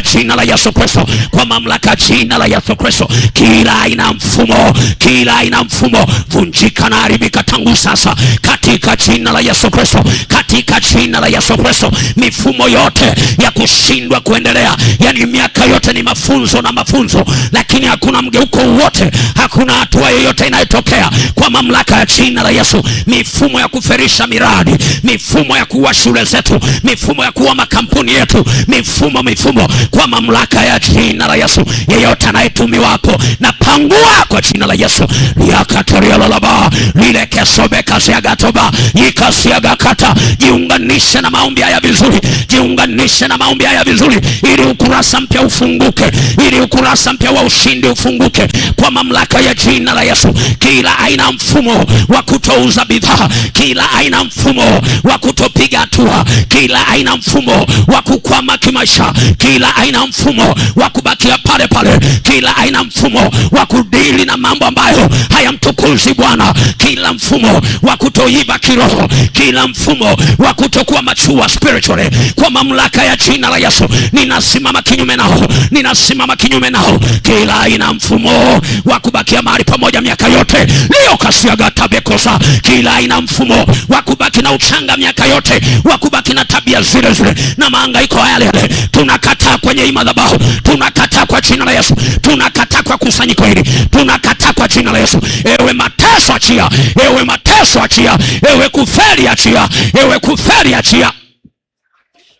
jina la Yesu Kristo, kwa mamlaka jina la Yesu Kristo, kila aina mfumo, kila aina mfumo vunjika na haribika tangu sasa katika jina la Yesu Kristo, katika jina la Yesu Kristo. Mifumo yote ya kushindwa kuendelea, yani miaka yote ni mafunzo na mafunzo, lakini hakuna mgeuko wote, hakuna hatua yoyote inayotokea kwa mamlaka ya jina la Yesu. Mifumo ya kuferisha miradi, mifumo ya kuwa shule zetu, mifumo ya kuwa makampuni yetu, mifumo mifumo kwa mamlaka ya jina la Yesu. Yeyote anayetumiwapo na pangua kwa jina la Yesu liakatorialolaba lilekesobekasiagatoba ikasiagakata. Jiunganishe na maombi haya vizuri, jiunganishe na maombi haya vizuri, ili ukurasa mpya ufunguke, ili ukurasa mpya wa ushindi ufunguke kwa mamlaka ya jina la Yesu. Kila aina mfumo wa kutouza bidhaa, kila aina mfumo wa kutopiga hatua, kila aina mfumo wa kukwama kimaisha, kila aina mfumo wa kubakia pale pale, kila aina mfumo wa kudili na mambo ambayo hayamtukuzi Bwana, kila mfumo wa kutoiva kiroho, kila mfumo wa kutokuwa machua spiritually. Kwa mamlaka ya jina la Yesu ninasimama kinyume nao, ninasimama kinyume nao, kila aina mfumo wa kubakia mahali pamoja miaka yote leo kasiaga tabekosa, kila aina mfumo wa kubaki na uchanga miaka yote, wa kubaki na tabia zile zile na mahangaiko yale yale tunakataa kwenye hii madhabahu, tunakataa kwa jina la Yesu, tunakataa kwa kusanyiko hili, tunakataa kwa jina la Yesu. Ewe mateso achia, ewe mateso achia, ewe kufeli achia, ewe kufeli achia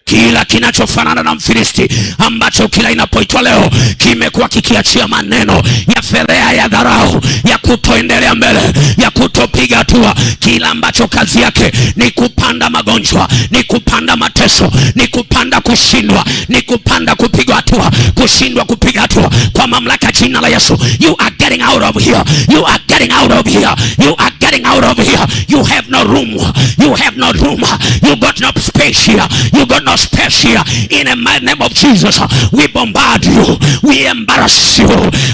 kila kinachofanana na Mfilisti ambacho kila inapoitwa leo kimekuwa kikiachia maneno ya fedheha, ya dharau, ya kutoendelea mbele, ya kutopiga hatua, kila ambacho kazi yake ni kupanda magonjwa, ni kupanda mateso, ni kupanda kushindwa, ni kupanda kupigwa hatua, kushindwa kupiga hatua, kwa mamlaka jina la Yesu, you are getting out of here, you are getting out of here, you are getting out of here. You have no room, you have no room, you got no space here, you got no here in the name of Jesus. We bombard you, we embarrass you,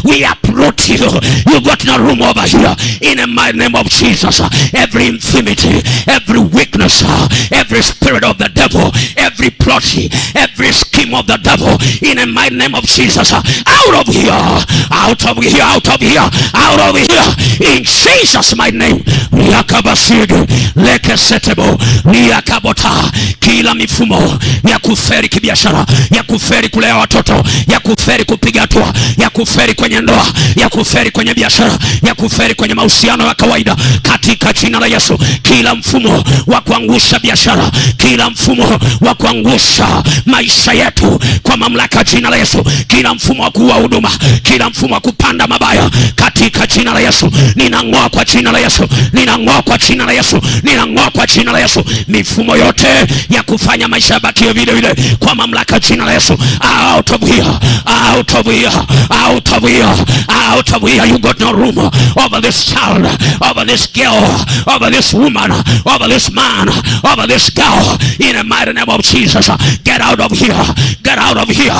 we uproot you. You got no room over here in the name of Jesus. Every infirmity, every weakness, every spirit of the devil, every plot, every scheme of the devil in the mighty name of Jesus. Out of here, out of here, out of here, out of here. In Jesus' mighty name. Riakabasidu, lekesetebo, riakabota. Kila mifumo ya kuferi kibiashara, ya kuferi kulea watoto, ya kuferi kupiga hatua, ya kuferi kwenye ndoa, ya kuferi kwenye biashara, ya kuferi kwenye mahusiano ya kawaida, katika jina la Yesu, kila mfumo wa kuangusha biashara, kila mfumo wa kuangusha Osha maisha yetu kwa mamlaka ya jina la Yesu. Kila mfumo wa kuua huduma, kila mfumo wa kupanda mabaya, katika jina la Yesu ninang'oa, kwa jina la Yesu ninang'oa, kwa jina la Yesu ninang'oa, kwa jina la Yesu mifumo yote ya kufanya maisha yabakie vile vile, kwa mamlaka ya jina la Yesu. Out of here, out of here, out of here, out of here. You got no room over this child, over this girl, over this woman, over this man, over this girl, in the mighty name of Jesus. Jesus. Get out of here. Get out of here.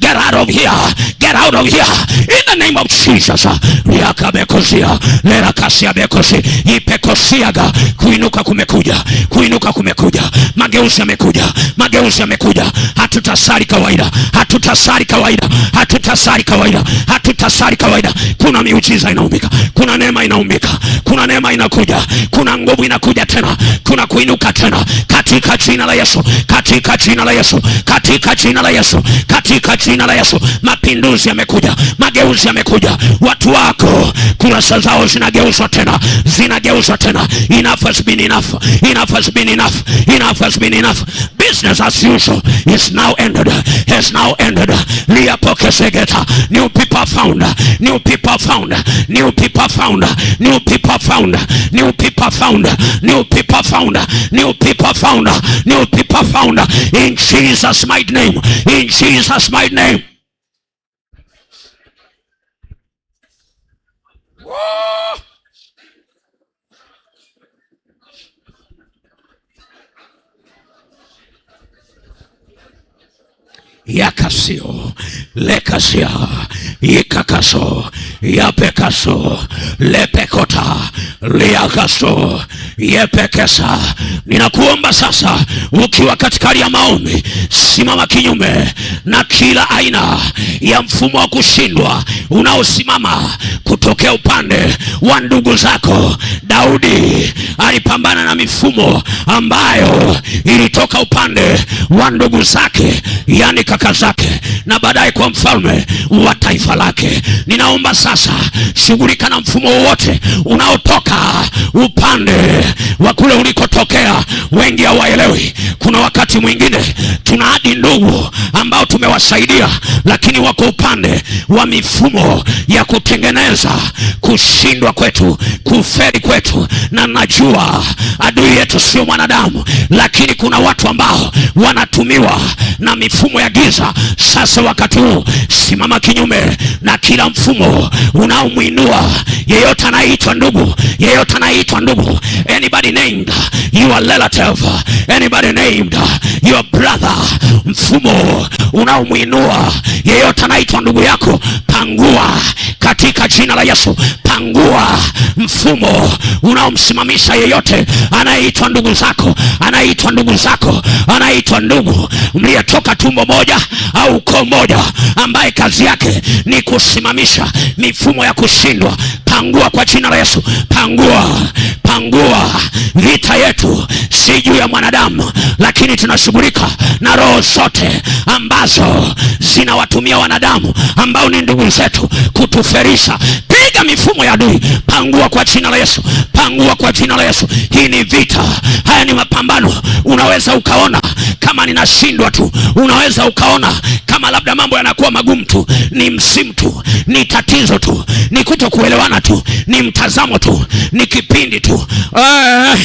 Get out of here. Get out of here. In the name of Jesus. Riakabekozia. Lerakasia bekosi. Ipekosiaga. Kuinuka kumekuja. Kuinuka kumekuja. Mageuzi yamekuja. Mageuzi yamekuja. Hatutasali kawaida. Hatutasali kawaida. Hatutasali kawaida. Hatutasali kawaida. Kuna miujiza inaumbika. Kuna neema inaumbika. Kuna neema inakuja. Kuna nguvu inakuja tena. Kuna kuinuka tena. Katika jina la Yesu. Katika jina jina la Yesu, katika jina la Yesu, katika jina la Yesu. Mapinduzi yamekuja, mageuzi yamekuja. Watu wako kurasa zao zinageuzwa tena, zinageuzwa tena. Enough has been enough, enough has been enough, enough has been enough. Business as usual is now ended, has now ended. Liapoke segeta, new people found, new people found, new people found, new people found, new people found, new people found, new people found, new people found in Jesus' mighty name. In Jesus' mighty name. Whoa! yakasio lekasia ikakaso yapekaso lepekota liakaso yepekesa. Ninakuomba sasa, ukiwa katika ya maombi, simama kinyume na kila aina ya mfumo wa kushindwa unaosimama kutokea upande wa ndugu zako. Daudi alipambana na mifumo ambayo ilitoka upande wa ndugu zake, yani mamlaka zake na baadaye kwa mfalme wa taifa lake. Ninaomba sasa, shughulika na mfumo wowote unaotoka upande wa kule ulikotokea. Wengi hawaelewi. Kuna wakati mwingine tunaadi ndugu ambao tumewasaidia, lakini wako upande wa mifumo ya kutengeneza kushindwa kwetu, kuferi kwetu, na najua adui yetu sio mwanadamu, lakini kuna watu ambao wanatumiwa na mifumo ya giza kuweza. Sasa wakati huu simama kinyume na kila mfumo unaomwinua yeyote anaitwa ndugu, yeyote anaitwa ndugu, anybody named your relative, anybody named your brother, mfumo unaomwinua yeyote anaitwa ndugu yako, pangua katika jina la Yesu, pangua mfumo unaomsimamisha yeyote anaitwa ndugu zako, anaitwa ndugu zako, anaitwa ndugu mliyetoka tumbo moja mmoja au ukoo mmoja ambaye kazi yake ni kusimamisha mifumo ya kushindwa. Pangua kwa jina la Yesu, pangua, pangua. Vita yetu si juu ya mwanadamu, lakini tunashughulika na roho zote ambazo zinawatumia wanadamu ambao ni ndugu zetu kutuferisha kila mifumo ya adui, pangua kwa jina la Yesu, pangua kwa jina la Yesu. Hii ni vita, haya ni mapambano. Unaweza ukaona kama ninashindwa tu, unaweza ukaona kama labda mambo yanakuwa magumu tu, ni msimu tu, ni tatizo tu, ni kuto kuelewana tu, ni mtazamo tu, ni kipindi tu. Eh,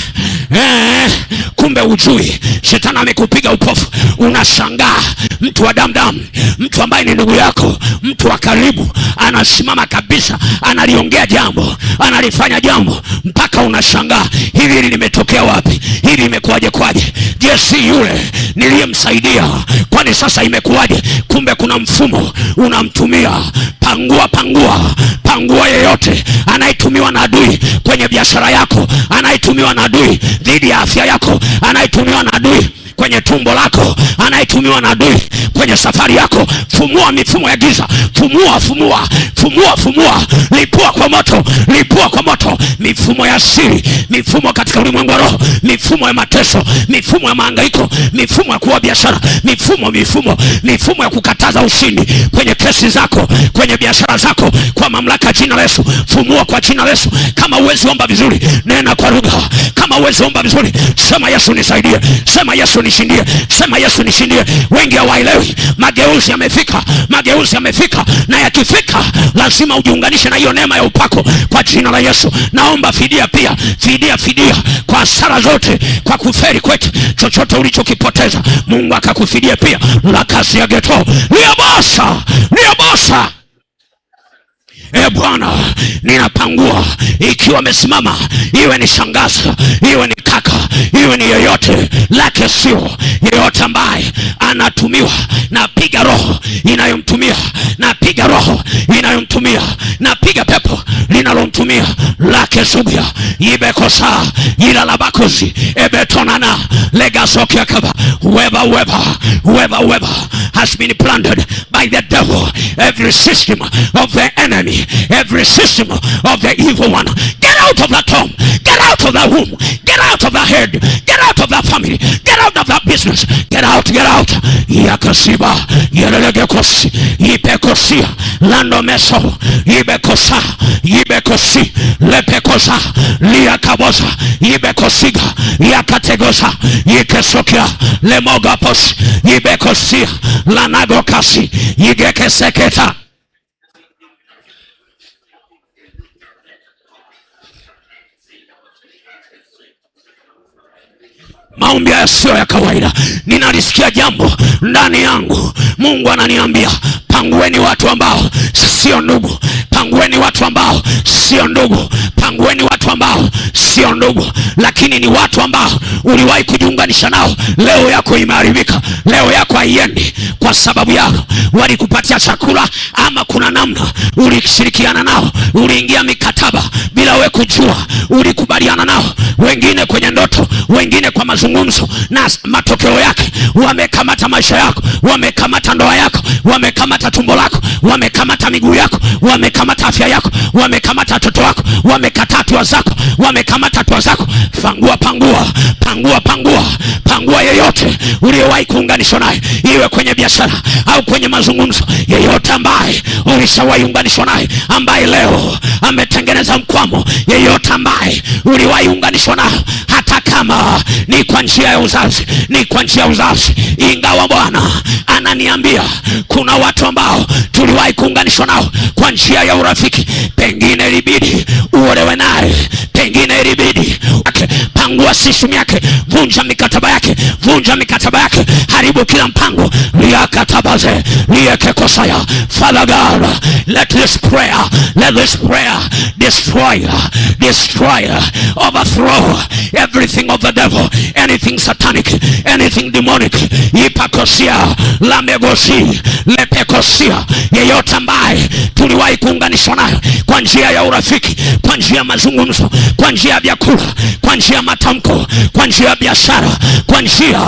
eh, kumbe ujui shetani amekupiga upofu, unashangaa mtu wa damdamu, mtu ambaye ni ndugu yako, mtu wa karibu, anasimama kabisa ana analiongea jambo, analifanya jambo mpaka unashangaa, hivi hili limetokea wapi? Hili imekuwaje kwaje? Je, si yule niliyemsaidia? Kwani sasa imekuwaje? Kumbe kuna mfumo unamtumia. Pangua, pangua, pangua. Yeyote anayetumiwa na adui kwenye biashara yako, anayetumiwa na adui dhidi ya afya yako, anayetumiwa na adui kwenye tumbo lako, anayetumiwa na adui kwenye safari yako, fumua mifumo ya giza, fumua, fumua, fumua, fumua, fumua lipua kwa moto, lipua kwa moto mifumo ya siri, mifumo katika ulimwengu wa roho, mifumo ya mateso, mifumo ya maangaiko, mifumo ya kuwa biashara, mifumo mifumo mifumo ya kukataza ushindi kwenye kesi zako, kwenye biashara zako, kwa mamlaka jina la Yesu, fumua kwa jina la Yesu. Kama uwezi omba vizuri, nena kwa lugha. Kama uwezi omba vizuri, sema Yesu nisaidie, sema Yesu nishindie, sema Yesu nishindie. Wengi hawaelewi, mageuzi yamefika, mageuzi yamefika, na yakifika lazima ujiunganishe na hiyo neema ya upako kwa jina la Yesu. Naomba fidia pia, fidia, fidia kwa sara zote, kwa kuferi kwetu, chochote ulichokipoteza Mungu akakufidia pia. la kazi ya geto liabosa liabosa E Bwana, ninapangua ikiwa amesimama, iwe ni shangazi, iwe ni kaka, iwe ni yoyote lake, sio yeyote ambaye anatumiwa. Napiga roho inayomtumia, napiga roho inayomtumia, napiga pepo linalomtumia lake subia ibekosa ila labakozi ebetonana legasokiakaba weba weba weba weba has been planted by the devil every system of the enemy every system of the evil one. Get out of that home. Get out of that womb. Get out of that head. Get out of that family. Get out of that business. Get out. Get out. yakasiba yerelegekosi ipekosia landomeso ibekosa ibekosi lepekosa liakabosa ibekosiga yakategosa ikesokia lemogapos ibekosia lanagokasi igekeseketa Maombi haya siyo ya kawaida. Ninalisikia jambo ndani yangu, Mungu ananiambia pangueni watu ambao sio ndugu Pangueni watu ambao sio ndugu, pangueni watu ambao sio ndugu, lakini ni watu ambao uliwahi kujiunganisha nao. Leo yako imeharibika, leo yako haiendi kwa sababu yao walikupatia chakula, ama kuna namna ulishirikiana nao, uliingia mikataba bila we kujua, ulikubaliana nao, wengine kwenye ndoto, wengine kwa mazungumzo, na matokeo yake wamekamata maisha yako, wamekamata ndoa yako, wamekamata tumbo lako, wamekamata miguu yako, wamekamata wamekamata afya yako, wamekamata watoto wako, wamekata hatua zako, wamekamata hatua zako. Fangua, pangua, pangua, pangua, pangua yeyote uliyowahi kuunganishwa naye, iwe kwenye biashara au kwenye mazungumzo. Yeyote ambaye ulishawahi unganishwa naye, ambaye leo ametengeneza mkwamo, yeyote ambaye uliwahi unganishwa naye hata kama ni kwa njia ya uzazi, ni kwa njia ya uzazi. Ingawa Bwana ananiambia kuna watu ambao tuliwahi kuunganishwa nao kwa njia ya urafiki, pengine ilibidi uolewe naye, pengine ilibidi Tangua system yake, vunja mikataba yake, vunja mikataba yake, haribu kila mpango liakatabaze liekekosaya Father God, let this prayer, let this prayer destroy, destroy, overthrow everything of the devil, anything satanic, anything demonic, ipakosia lamegosi lepekosia, yeyote ambaye tuliwahi kuunganishwa nayo kwa njia ya urafiki, kwa njia ya mazungumzo, kwa njia ya vyakula, kwa njia ya matamko, kwa njia ya biashara, kwa njia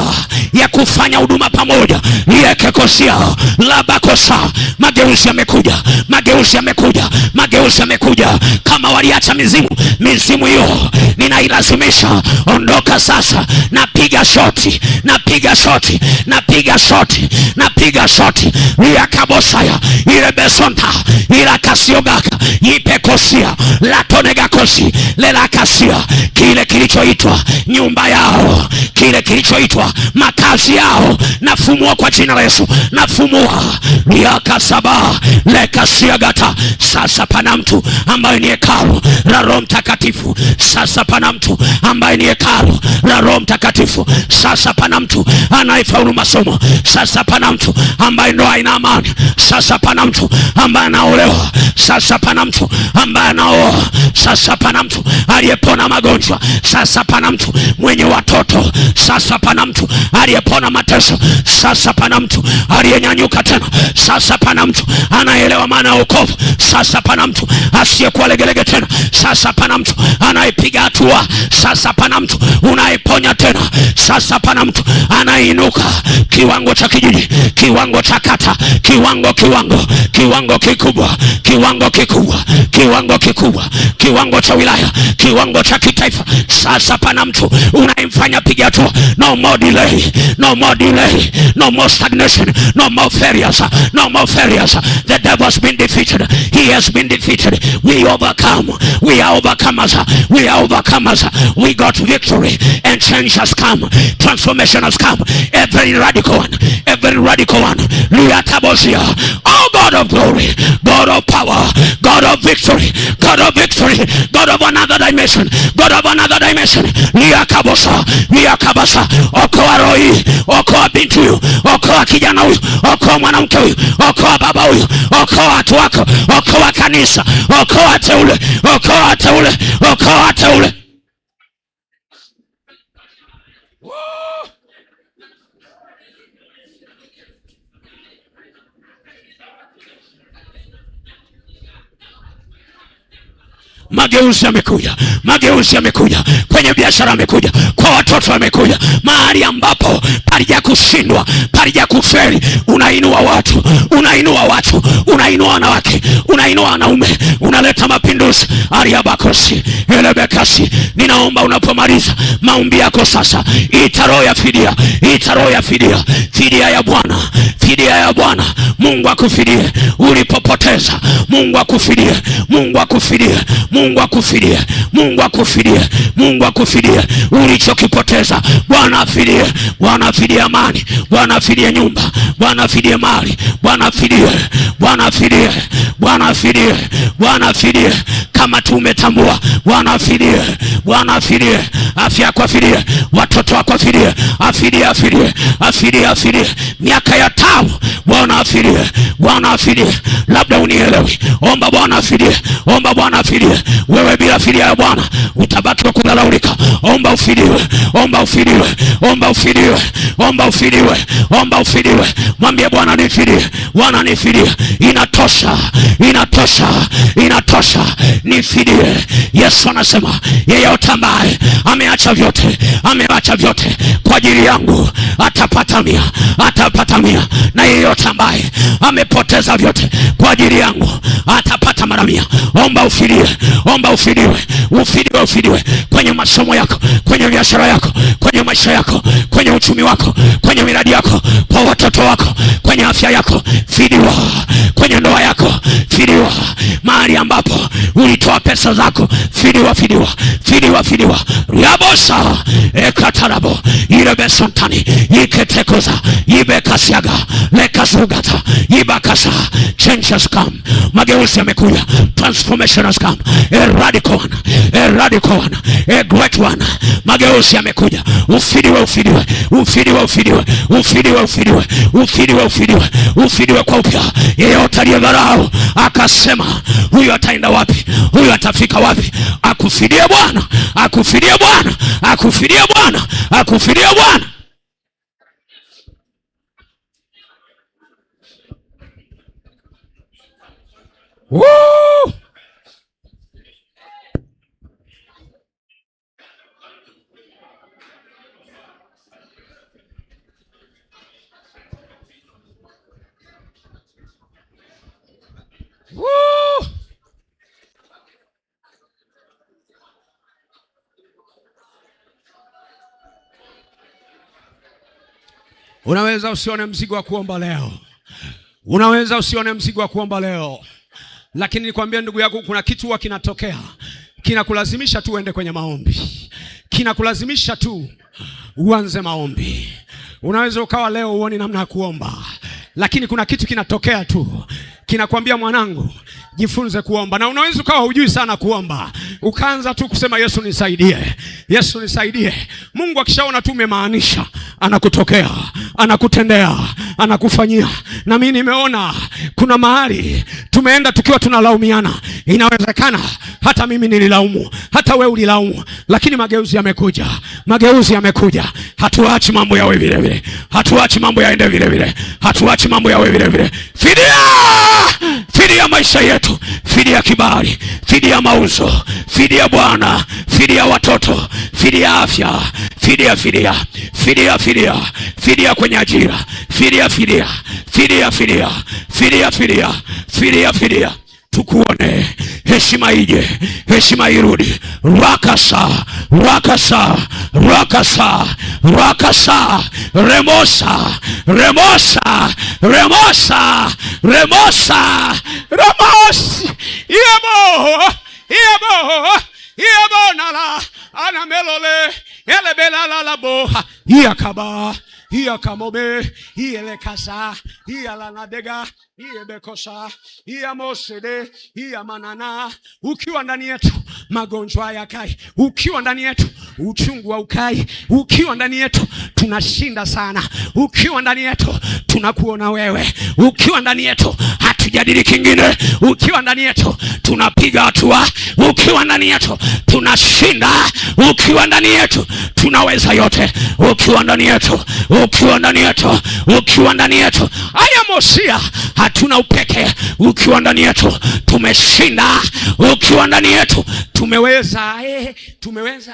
ya kufanya huduma pamoja. yekekosia labakosa mageuzi yamekuja, mageuzi yamekuja, mageuzi yamekuja. Kama waliacha mizimu, mizimu hiyo ninailazimisha ondoka sasa. Napiga shoti, napiga shoti, napiga shoti, napiga shoti yakabosaya ile besonta ila kasiogaka ipekosia latonegakosi lelakasia kile kilicho kilichoitwa nyumba yao, kile kilichoitwa makazi yao, nafumua kwa jina la Yesu, nafumua miaka saba leka siagata. Sasa pana mtu ambaye ni hekalu la Roho Mtakatifu. Sasa pana mtu ambaye ni hekalu la Roho Mtakatifu. Sasa pana mtu anayefaulu masomo. Sasa pana mtu ambaye ndoa ina amani. Sasa pana mtu ambaye anaolewa. Sasa pana mtu ambaye anaoa. Sasa pana mtu aliyepona magonjwa. Sasa pana mtu mwenye watoto, sasa pana mtu aliyepona mateso, sasa pana mtu aliyenyanyuka tena, sasa pana mtu anayeelewa maana ya ukovu sasa pana mtu asiyekuwa legelege tena, sasa pana mtu anayepiga hatua, sasa pana mtu unayeponya tena, sasa pana mtu anayeinuka kiwango cha kijiji, kiwango cha kata, kiwango kiwango kiwango kikubwa, kiwango kikubwa, kiwango kikubwa, kiwango cha wilaya, kiwango cha kitaifa sasa hapa na mtu unayemfanya, piga tu. No more delay, no more delay, no more stagnation, no more failures, no more failures. The devil has been defeated, he has been defeated. We overcome, we are overcomers, we are overcomers. We got victory, and change has come, transformation has come. Every radical one, every radical one. Liatabosia, oh God of glory, God of power, God of victory, God of victory, God of another dimension, God of another dimension. salvation niakabosha niakabasha. Okoa roho hii, okoa binti huyu, okoa kijana huyu, okoa mwanamke huyu, okoa baba huyu, okoa watu wako, okoa kanisa, okoa teule, okoa teule, okoa teule Mageuzi yamekuja, mageuzi yamekuja kwenye biashara, yamekuja kwa watoto, yamekuja mahali ambapo palija kushindwa, palija kuferi. Unainua watu, unainua watu, unainua wanawake, unainua wanaume, unaleta mapinduzi. ariabakosi elebekasi. Ninaomba unapomaliza maombi yako sasa, ita roho ya fidia, ita roho ya fidia, fidia ya Bwana, fidia ya Bwana. Mungu akufidie ulipopoteza, Mungu akufidie, Mungu akufidie. Mungu akufidia, Mungu akufidia, Mungu akufidia ulichokipoteza. Bwana afidia, Bwana afidia amani, Bwana afidia nyumba, Bwana afidia mali, Bwana afidia, Bwana afidia, Bwana afidia, Bwana afidia kama tu umetambua. Bwana afidia, Bwana afidia, afya yako afidia, watoto wako afidia, afidia, afidia, afidia, afidia miaka ya tabu Bwana afidia, Bwana afidia, labda unielewi. Omba Bwana afidia, omba Bwana afidia wewe bila fidia ya Bwana utabaki wa kudharaulika. Omba ufidiwe, omba ufidiwe, omba ufidiwe, omba ufidiwe, omba ufidiwe. Mwambie Bwana nifidie, Bwana nifidie, inatosha, inatosha, inatosha, nifidie. Yesu anasema yeyote ambaye ameacha vyote, ameacha vyote kwa ajili yangu atapata mia, atapata mia, na yeyote ambaye amepoteza vyote kwa ajili yangu atapata mara mia. Omba ufidie, omba ufidiwe, ufidiwe, ufidiwe kwenye masomo yako, kwenye biashara yako, kwenye maisha yako, kwenye uchumi wako, kwenye miradi yako, kwa watoto wako, kwenye afya yako, fidiwa. Kwenye ndoa yako, fidiwa. Mahali ambapo ulitoa pesa zako, fidiwa fidiwa fidiwa fidiwa riabosa ekatarabo irebesontani iketekoza ibekasiaga lekasugata ibakasa. Change has come, mageuzi yamekuja, transformation has come, a radical one, a radical one, a great one. Mageuzi yamekuja, ufidiwe ufidiwe ufidiwe ufidiwe ufidiwe ufidiwe ufidiwe ufidiwe ufidiwe kwa upya. Yeyote aliyedharau akasema huyu ataenda wapi? huyu atafika wapi? Akufidia Bwana, akufidia Bwana, akufidia Bwana, akufidia Bwana. Woo! Unaweza usione mzigo wa kuomba leo, unaweza usione mzigo wa kuomba leo, lakini nikwambie ndugu yangu, kuna kitu huwa kinatokea kinakulazimisha tu uende kwenye maombi, kinakulazimisha tu uanze maombi. Unaweza ukawa leo uone namna ya kuomba, lakini kuna kitu kinatokea tu kinakwambia mwanangu, jifunze kuomba. Na unaweza ukawa hujui sana kuomba, ukaanza tu kusema Yesu nisaidie, Yesu nisaidie. Mungu akishaona tu umemaanisha, anakutokea, anakutendea, anakufanyia. Na mimi nimeona kuna mahali tumeenda tukiwa tunalaumiana. Inawezekana hata mimi nililaumu, hata we ulilaumu, lakini mageuzi yamekuja, mageuzi yamekuja. Hatuachi mambo yawe vile vile, hatuachi mambo yaende vile vile, hatuachi mambo yawe vile vile. Fidia, fidia maisha yetu, fidia kibali, fidia mauzo, fidia Bwana, fidia watoto, fidia afya, fidia, fidia, fidia, fidia fidia, fidia kwenye ajira, fidia, fidia, fidia, fidia, fidia, fidia, fidia, fidia, tukuone heshima ije, heshima irudi. Rakasa, rakasa, rakasa, rakasa, remosa, remosa, remosa, remosa, remos iemo iemo iemonala anamelole elebelalalaboha iyakaba iyakamobe iyelekasa iyalanadega iyebekosa iyamosede iyamanana. Ukiwa ndani yetu magonjwa yakai, ukiwa ndani yetu uchungu wa ukai, ukiwa ndani yetu tunashinda sana, ukiwa ndani yetu tunakuona wewe, ukiwa ndani yetu tusijadili kingine. Ukiwa ndani yetu tunapiga hatua, ukiwa ndani yetu tunashinda, ukiwa ndani yetu tunaweza yote, ukiwa ndani yetu, ukiwa ndani yetu, ukiwa ndani yetu. Haya mosia, hatuna upeke. Ukiwa ndani yetu tumeshinda, ukiwa ndani yetu tumeweza, eh, tumeweza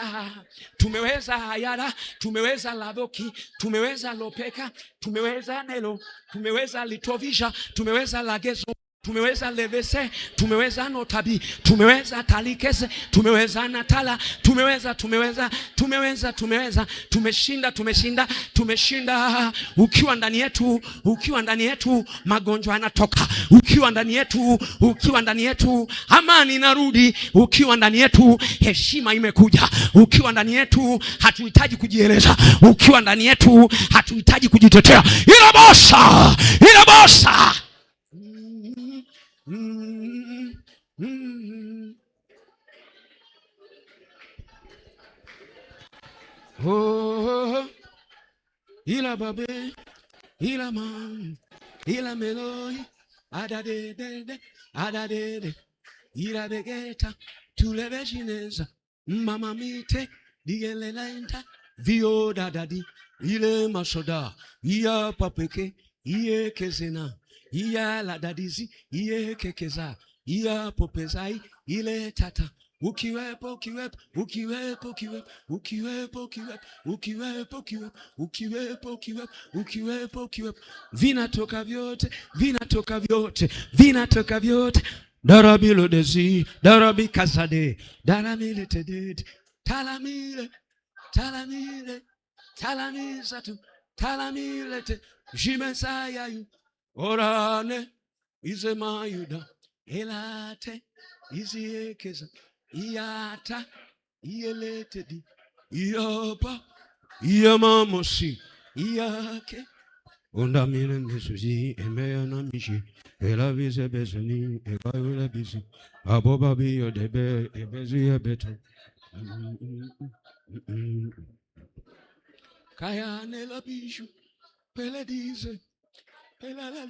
tumeweza Hayara, tumeweza Ladoki, tumeweza Lopeka, tumeweza Nelo, tumeweza Litovisha, tumeweza Lagezo. Tumeweza levese, tumeweza notabi, tumeweza talikese, tumeweza natala, tumeweza tumeweza tumeweza tumeweza, tumeshinda tumeshinda tumeshinda. Ukiwa ndani yetu, ukiwa ndani yetu, magonjwa yanatoka. Ukiwa ndani yetu, ukiwa ndani yetu, amani inarudi. Ukiwa ndani yetu, heshima imekuja. Ukiwa ndani yetu, hatuhitaji kujieleza. Ukiwa ndani yetu, hatuhitaji kujitetea. Ila bosa, ila bosa mm Oh, il a babé, il a man, il a meloi, adade, de il a begeta, tu le vecines, mamma mite, dielelenta, vio dadadi, il est masoda, il a papeke, il est kezena. iya dadizi iye kekeza iya popezai ile tata ukiwepo ukiwepo ukiwepo ukiwepo ukiwepo ukiwepo ukiwepo ukiwepo ukiwepo ukiwepo ukiwepo ukiwepo vinatoka vyote vinatoka vyote vinatoka vyote darabi lodezi darabi kasade daramile tedet talamile talamile talamisa tu talamizatu talamilete jimesayayu orane izemayuda elate izi iziyekeza iyata iyeletedi iyapa iyamamosi iyake undamire misuzi emeyana mishi elabize bezeni ekayolabisi abobabiyo debe ebeziyebeto pele peledize Uyaba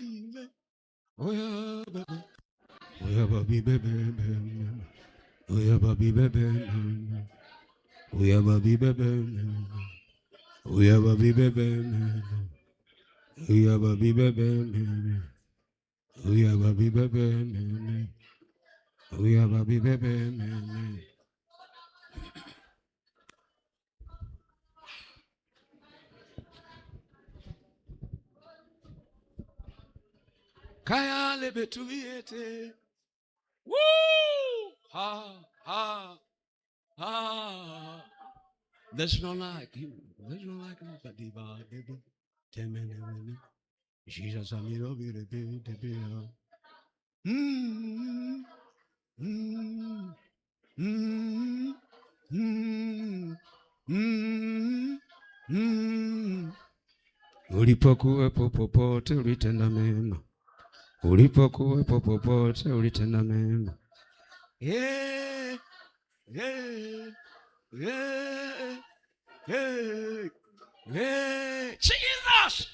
bibe be me me. Uyaba bibe be be me. kayale betuliyete Woo! Ha, ha, ha. There's no like you. There's no like him. Diva, diva, temenene. Jesus I'm amiro bire bire bire. Hmm. Hmm. Hmm. Hmm. Hmm. Hmm. Ulipokuwepo popote ulitenda mema ulipokuwepo popote ulitenda mema. yeah, yeah, yeah, yeah, yeah. Jesus!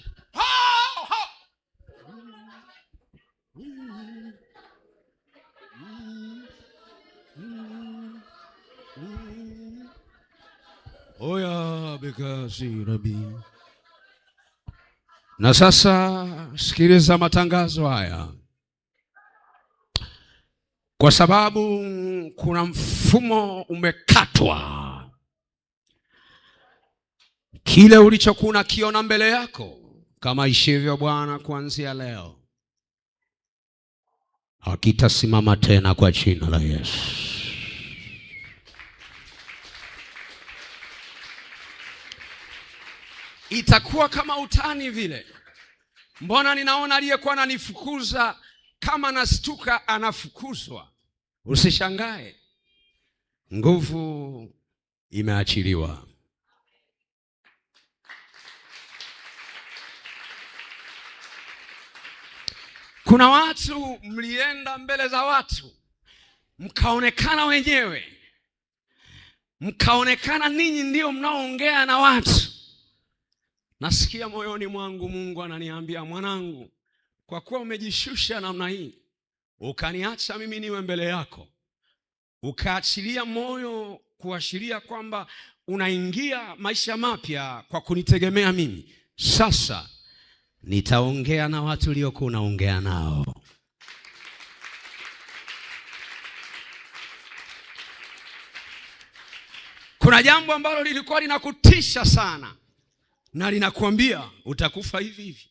Na sasa sikiliza matangazo haya, kwa sababu kuna mfumo umekatwa. Kile ulichokuwa unakiona mbele yako, kama ishivyo Bwana, kuanzia leo hakitasimama tena kwa jina la Yesu. itakuwa kama utani vile. Mbona ninaona aliyekuwa ananifukuza kama nastuka anafukuzwa. Usishangae, nguvu imeachiliwa. Kuna watu mlienda mbele za watu mkaonekana wenyewe, mkaonekana ninyi ndio mnaoongea na watu Nasikia moyoni mwangu Mungu ananiambia, mwanangu, kwa kuwa umejishusha namna hii, ukaniacha mimi niwe mbele yako, ukaachilia moyo kuashiria kwamba unaingia maisha mapya kwa kunitegemea mimi, sasa nitaongea na watu uliokuwa unaongea nao. Kuna jambo ambalo lilikuwa linakutisha sana na linakwambia utakufa hivi hivi,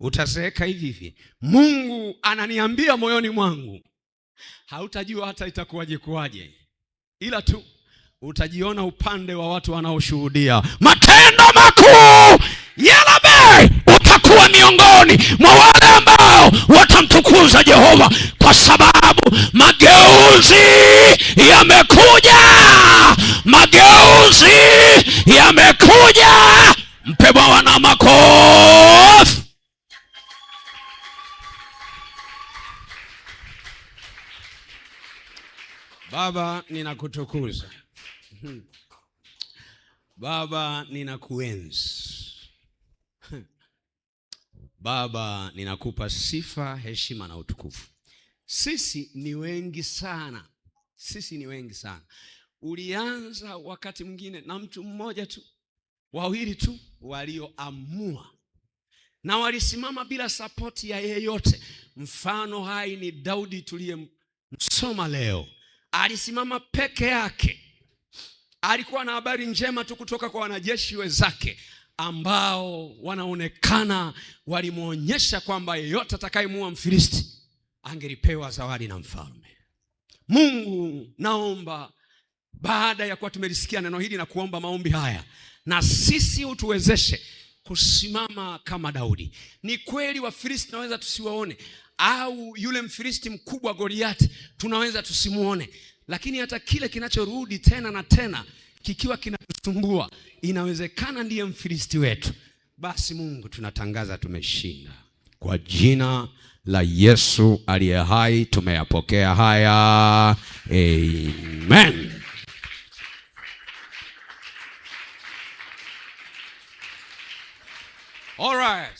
utazeeka hivi hivi. Mungu ananiambia moyoni mwangu, hautajua hata itakuwaje kuwaje, ila tu utajiona upande wa watu wanaoshuhudia matendo makuu yala Labeki. Utakuwa miongoni mwa wale ambao watamtukuza Jehova, kwa sababu mageuzi yamekuja, mageuzi yamekuja. Mpe Bwana makofi. Baba, ninakutukuza. Baba, ninakuenzi. Baba, ninakupa sifa, heshima na utukufu. Sisi ni wengi sana, sisi ni wengi sana. Ulianza wakati mwingine na mtu mmoja tu wawili tu walioamua na walisimama bila sapoti ya yeyote. Mfano hai ni Daudi tuliyemsoma leo, alisimama peke yake. Alikuwa na habari njema tu kutoka kwa wanajeshi wenzake ambao wanaonekana walimwonyesha kwamba yeyote atakayemuua Mfilisti angelipewa zawadi na mfalme. Mungu, naomba baada ya kuwa tumelisikia neno hili na kuomba maombi haya, na sisi utuwezeshe kusimama kama Daudi. Ni kweli Wafilisti tunaweza tusiwaone, au yule Mfilisti mkubwa Goliati tunaweza tusimuone, lakini hata kile kinachorudi tena na tena kikiwa kinatusumbua, inawezekana ndiye Mfilisti wetu. Basi Mungu, tunatangaza tumeshinda kwa jina la Yesu aliye hai. Tumeyapokea haya, amen. All right.